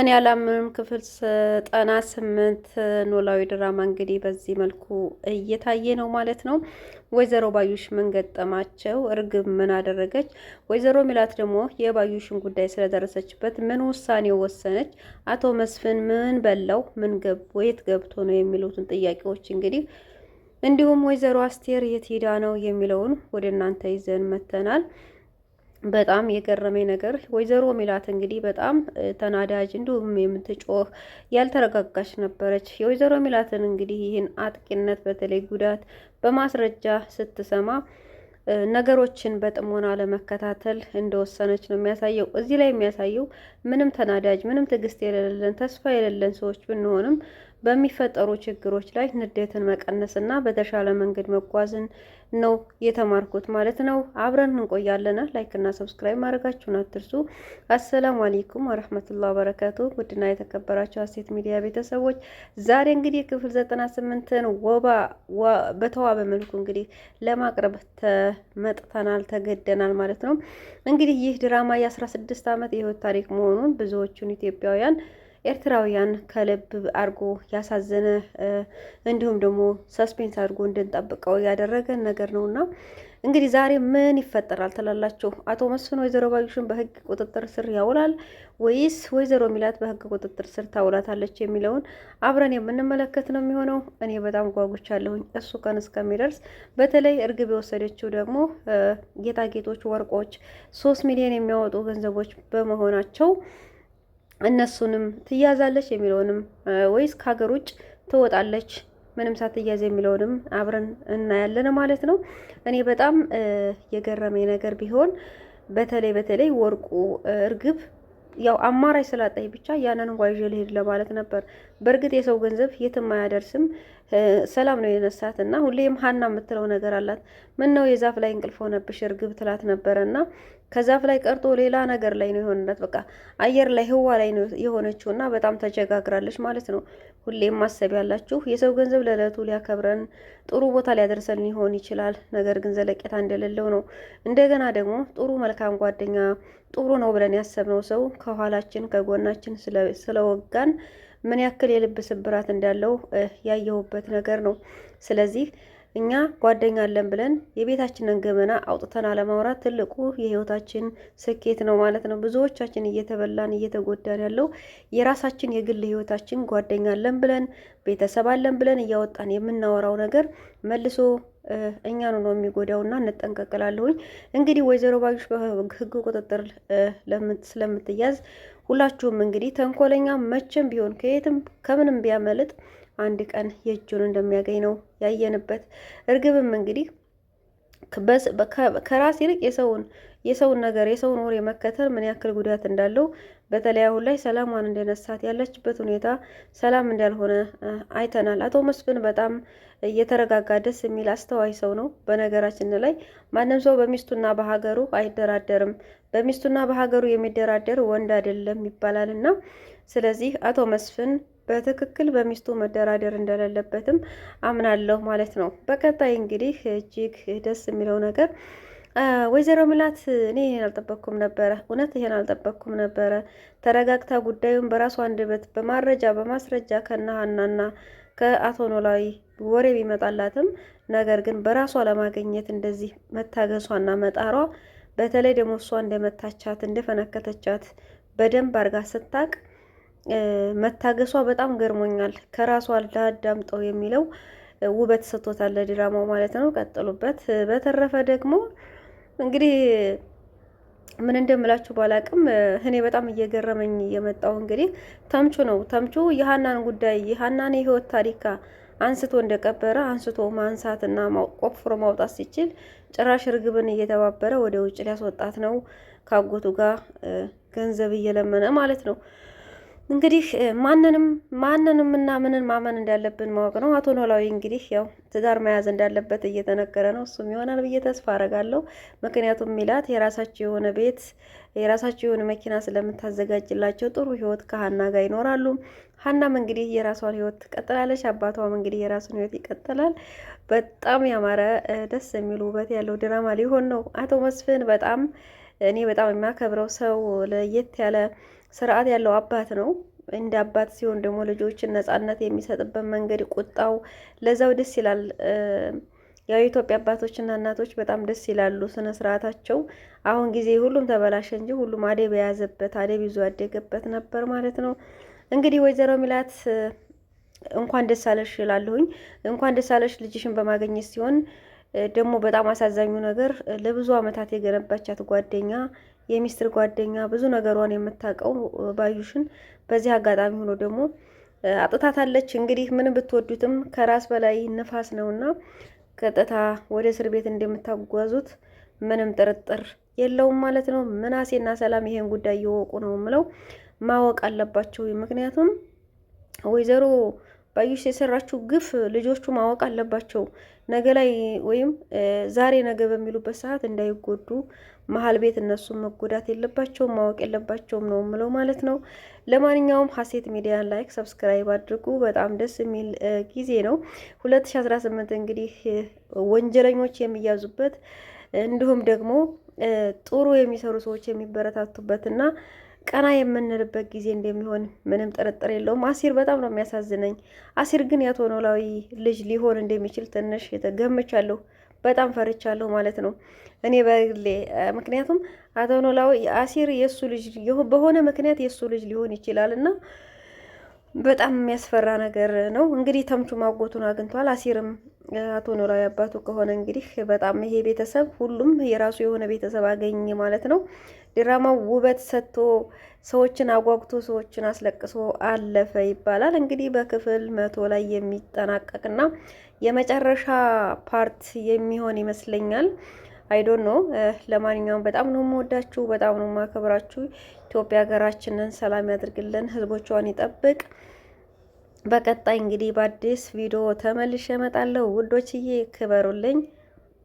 እኔ አላምንም ክፍል ዘጠና ስምንት ኖላዊ ድራማ እንግዲህ በዚህ መልኩ እየታየ ነው ማለት ነው። ወይዘሮ ባዩሽ ምን ገጠማቸው? እርግብ ምን አደረገች? ወይዘሮ ሚላት ደግሞ የባዩሽን ጉዳይ ስለደረሰችበት ምን ውሳኔ ወሰነች? አቶ መስፍን ምን በላው? ምን ወየት ገብቶ ነው የሚሉትን ጥያቄዎች እንግዲህ እንዲሁም ወይዘሮ አስቴር የት ሄዳ ነው የሚለውን ወደ እናንተ ይዘን መተናል። በጣም የገረመኝ ነገር ወይዘሮ ሜላት እንግዲህ በጣም ተናዳጅ እንዲሁም የምትጮህ ያልተረጋጋች ነበረች። የወይዘሮ ሜላትን እንግዲህ ይህን አጥቂነት በተለይ ጉዳት በማስረጃ ስትሰማ ነገሮችን በጥሞና ለመከታተል እንደወሰነች ነው የሚያሳየው። እዚህ ላይ የሚያሳየው ምንም ተናዳጅ፣ ምንም ትዕግስት የሌለን ተስፋ የሌለን ሰዎች ብንሆንም በሚፈጠሩ ችግሮች ላይ ንዴትን መቀነስና በተሻለ መንገድ መጓዝን ነው የተማርኩት ማለት ነው። አብረን እንቆያለን። ላይክ እና ሰብስክራይብ ማድረጋችሁን አትርሱ። አሰላሙ አሌይኩም ወረህመቱላ በረካቱ። ውድና የተከበራቸው ሀሴት ሚዲያ ቤተሰቦች ዛሬ እንግዲህ ክፍል ዘጠና ስምንትን ወባ በተዋበ መልኩ እንግዲህ ለማቅረብ ተመጥተናል ተገደናል ማለት ነው። እንግዲህ ይህ ድራማ የአስራ ስድስት ዓመት የህይወት ታሪክ መሆኑን ብዙዎቹን ኢትዮጵያውያን ኤርትራውያን ከልብ አድርጎ ያሳዘነ እንዲሁም ደግሞ ሰስፔንስ አድርጎ እንድንጠብቀው ያደረገ ነገር እና እንግዲህ ዛሬ ምን ይፈጠራል ትላላችሁ? አቶ መስፍን ወይዘሮ ባዩሽን በህግ ቁጥጥር ስር ያውላል ወይስ ወይዘሮ ሚላት በህግ ቁጥጥር ስር ታውላታለች የሚለውን አብረን የምንመለከት ነው የሚሆነው። እኔ በጣም ጓጉቻለሁኝ እሱ ቀን እስከሚደርስ። በተለይ እርግብ የወሰደችው ደግሞ ጌጣጌጦች፣ ወርቆች ሶስት ሚሊዮን የሚያወጡ ገንዘቦች በመሆናቸው እነሱንም ትያዛለች የሚለውንም ወይስ ከሀገር ውጭ ትወጣለች ምንም ሳትያዝ የሚለውንም አብረን እናያለን ማለት ነው። እኔ በጣም የገረመኝ ነገር ቢሆን በተለይ በተለይ ወርቁ እርግብ ያው አማራጭ ስላጣይ ብቻ ያንን ጓዥ ልሄድ ለማለት ነበር። በእርግጥ የሰው ገንዘብ የትም አያደርስም። ሰላም ነው የነሳት እና ሁሌም ሀና የምትለው ነገር አላት። ምን ነው የዛፍ ላይ እንቅልፍ ሆነብሽ እርግብ ትላት ነበረ እና ከዛፍ ላይ ቀርቶ ሌላ ነገር ላይ ነው የሆነነት። በቃ አየር ላይ ህዋ ላይ ነው የሆነችው እና በጣም ተቸጋግራለች ማለት ነው። ሁሌም ማሰብ ያላችሁ የሰው ገንዘብ ለዕለቱ ሊያከብረን ጥሩ ቦታ ሊያደርሰን ሊሆን ይችላል። ነገር ግን ዘለቄታ እንደሌለው ነው። እንደገና ደግሞ ጥሩ መልካም ጓደኛ ጥሩ ነው ብለን ያሰብነው ሰው ከኋላችን ከጎናችን ስለወጋን ምን ያክል የልብ ስብራት እንዳለው ያየሁበት ነገር ነው። ስለዚህ እኛ ጓደኛ አለን ብለን የቤታችንን ገመና አውጥተን አለማውራት ትልቁ የህይወታችን ስኬት ነው ማለት ነው። ብዙዎቻችን እየተበላን እየተጎዳን ያለው የራሳችን የግል ህይወታችን ጓደኛ አለን ብለን ቤተሰብ አለን ብለን እያወጣን የምናወራው ነገር መልሶ እኛኑ ነው የሚጎዳውና እንጠንቀቅላለሁኝ። እንግዲህ ወይዘሮ ባዩሽ በህግ ቁጥጥር ስለምትያዝ ሁላችሁም እንግዲህ ተንኮለኛ መቼም ቢሆን ከየትም ከምንም ቢያመልጥ አንድ ቀን የእጁን እንደሚያገኝ ነው ያየንበት። እርግብም እንግዲህ ከራስ ይልቅ የሰውን የሰውን ነገር የሰውን ወሬ መከተል ምን ያክል ጉዳት እንዳለው በተለይ አሁን ላይ ሰላሟን እንደነሳት ያለችበት ሁኔታ ሰላም እንዳልሆነ አይተናል። አቶ መስፍን በጣም እየተረጋጋ ደስ የሚል አስተዋይ ሰው ነው። በነገራችን ላይ ማንም ሰው በሚስቱና በሀገሩ አይደራደርም፣ በሚስቱና በሀገሩ የሚደራደር ወንድ አይደለም ይባላል እና ስለዚህ አቶ መስፍን በትክክል በሚስቱ መደራደር እንደሌለበትም አምናለሁ ማለት ነው። በቀጣይ እንግዲህ እጅግ ደስ የሚለው ነገር ወይዘሮ ምላት እኔ ይሄን አልጠበቅኩም ነበረ፣ እውነት ይሄን አልጠበቅኩም ነበረ። ተረጋግታ ጉዳዩን በራሱ አንደበት በማረጃ በማስረጃ ከነሀናና ከአቶ ኖላዊ ወሬ ቢመጣላትም ነገር ግን በራሷ ለማግኘት እንደዚህ መታገሷና መጣሯ በተለይ ደግሞ እሷ እንደመታቻት እንደፈነከተቻት በደንብ አርጋ ስታቅ መታገሷ በጣም ገርሞኛል። ከራሷ ላዳምጠው የሚለው ውበት ሰጥቶታል ለድራማው ማለት ነው። ቀጥሉበት። በተረፈ ደግሞ እንግዲህ ምን እንደምላችሁ ባላቅም እኔ በጣም እየገረመኝ የመጣው እንግዲህ ተምቹ ነው። ተምቹ የሀናን ጉዳይ የሀናን የህይወት ታሪካ አንስቶ እንደቀበረ አንስቶ ማንሳትና ቆፍሮ ማውጣት ሲችል ጭራሽ እርግብን እየተባበረ ወደ ውጭ ሊያስወጣት ነው፣ ካጎቱ ጋር ገንዘብ እየለመነ ማለት ነው። እንግዲህ ማንንም ማንንም እና ምንን ማመን እንዳለብን ማወቅ ነው። አቶ ኖላዊ እንግዲህ ያው ትዳር መያዝ እንዳለበት እየተነገረ ነው። እሱም ይሆናል ብዬ ተስፋ አረጋለሁ። ምክንያቱም ሚላት የራሳቸው የሆነ ቤት የራሳቸው የሆነ መኪና ስለምታዘጋጅላቸው ጥሩ ህይወት ከሀና ጋር ይኖራሉ። ሀናም እንግዲህ የራሷን ህይወት ትቀጥላለች። አባቷም እንግዲህ የራሱን ህይወት ይቀጥላል። በጣም ያማረ ደስ የሚል ውበት ያለው ድራማ ሊሆን ነው። አቶ መስፍን በጣም እኔ በጣም የሚያከብረው ሰው ለየት ያለ ስርዓት ያለው አባት ነው። እንደ አባት ሲሆን ደግሞ ልጆችን ነጻነት የሚሰጥበት መንገድ ቁጣው ለዛው ደስ ይላል። ያው የኢትዮጵያ አባቶችና እናቶች በጣም ደስ ይላሉ ስነ ስርዓታቸው። አሁን ጊዜ ሁሉም ተበላሸ እንጂ ሁሉም አደብ የያዘበት አደብ ይዞ ያደገበት ነበር ማለት ነው። እንግዲህ ወይዘሮ ሚላት እንኳን ደስ አለሽ እላለሁኝ። እንኳን ደስ አለሽ ልጅሽን በማግኘት ሲሆን ደግሞ በጣም አሳዛኙ ነገር ለብዙ አመታት የገነባቻት ጓደኛ የሚስትር ጓደኛ ብዙ ነገሯን የምታውቀው ባዩሽን በዚህ አጋጣሚ ሆኖ ደግሞ አጥታታለች። እንግዲህ ምን ብትወዱትም ከራስ በላይ ንፋስ ነውና ቀጥታ ወደ እስር ቤት እንደምታጓዙት ምንም ጥርጥር የለውም ማለት ነው። ምናሴና ሰላም ይሄን ጉዳይ እየወቁ ነው ምለው ማወቅ አለባቸው። ምክንያቱም ወይዘሮ ባዩሽ የሰራችው ግፍ ልጆቹ ማወቅ አለባቸው። ነገ ላይ ወይም ዛሬ ነገ በሚሉበት ሰዓት እንዳይጎዱ መሀል ቤት እነሱም መጎዳት የለባቸውም ማወቅ የለባቸውም ነው ምለው ማለት ነው። ለማንኛውም ሀሴት ሚዲያን ላይክ፣ ሰብስክራይብ አድርጉ። በጣም ደስ የሚል ጊዜ ነው 2018 እንግዲህ ወንጀለኞች የሚያዙበት እንዲሁም ደግሞ ጥሩ የሚሰሩ ሰዎች የሚበረታቱበትና ቀና የምንልበት ጊዜ እንደሚሆን ምንም ጥርጥር የለውም። አሲር በጣም ነው የሚያሳዝነኝ። አሲር ግን የአቶ ኖላዊ ልጅ ሊሆን እንደሚችል ትንሽ የተገምቻለሁ። በጣም ፈርቻለሁ ማለት ነው እኔ በግሌ። ምክንያቱም አቶ ኖላዊ አሲር የእሱ ልጅ በሆነ ምክንያት የእሱ ልጅ ሊሆን ይችላል እና በጣም የሚያስፈራ ነገር ነው። እንግዲህ ተምቹ ማጎቱን አግኝቷል። አሲርም አቶ ኖላዊ አባቱ ከሆነ እንግዲህ በጣም ይሄ ቤተሰብ ሁሉም የራሱ የሆነ ቤተሰብ አገኘ ማለት ነው። ድራማው ውበት ሰጥቶ ሰዎችን አጓጉቶ ሰዎችን አስለቅሶ አለፈ ይባላል። እንግዲህ በክፍል መቶ ላይ የሚጠናቀቅና የመጨረሻ ፓርት የሚሆን ይመስለኛል። አይዶን ነው። ለማንኛውም በጣም ነው የምወዳችሁ፣ በጣም ነው የማከብራችሁ። ኢትዮጵያ ሀገራችንን ሰላም ያድርግልን፣ ህዝቦቿን ይጠብቅ። በቀጣይ እንግዲህ በአዲስ ቪዲዮ ተመልሼ እመጣለሁ። ውዶችዬ ክበሩልኝ፣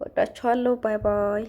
ወዳችኋለሁ። ባይ ባይ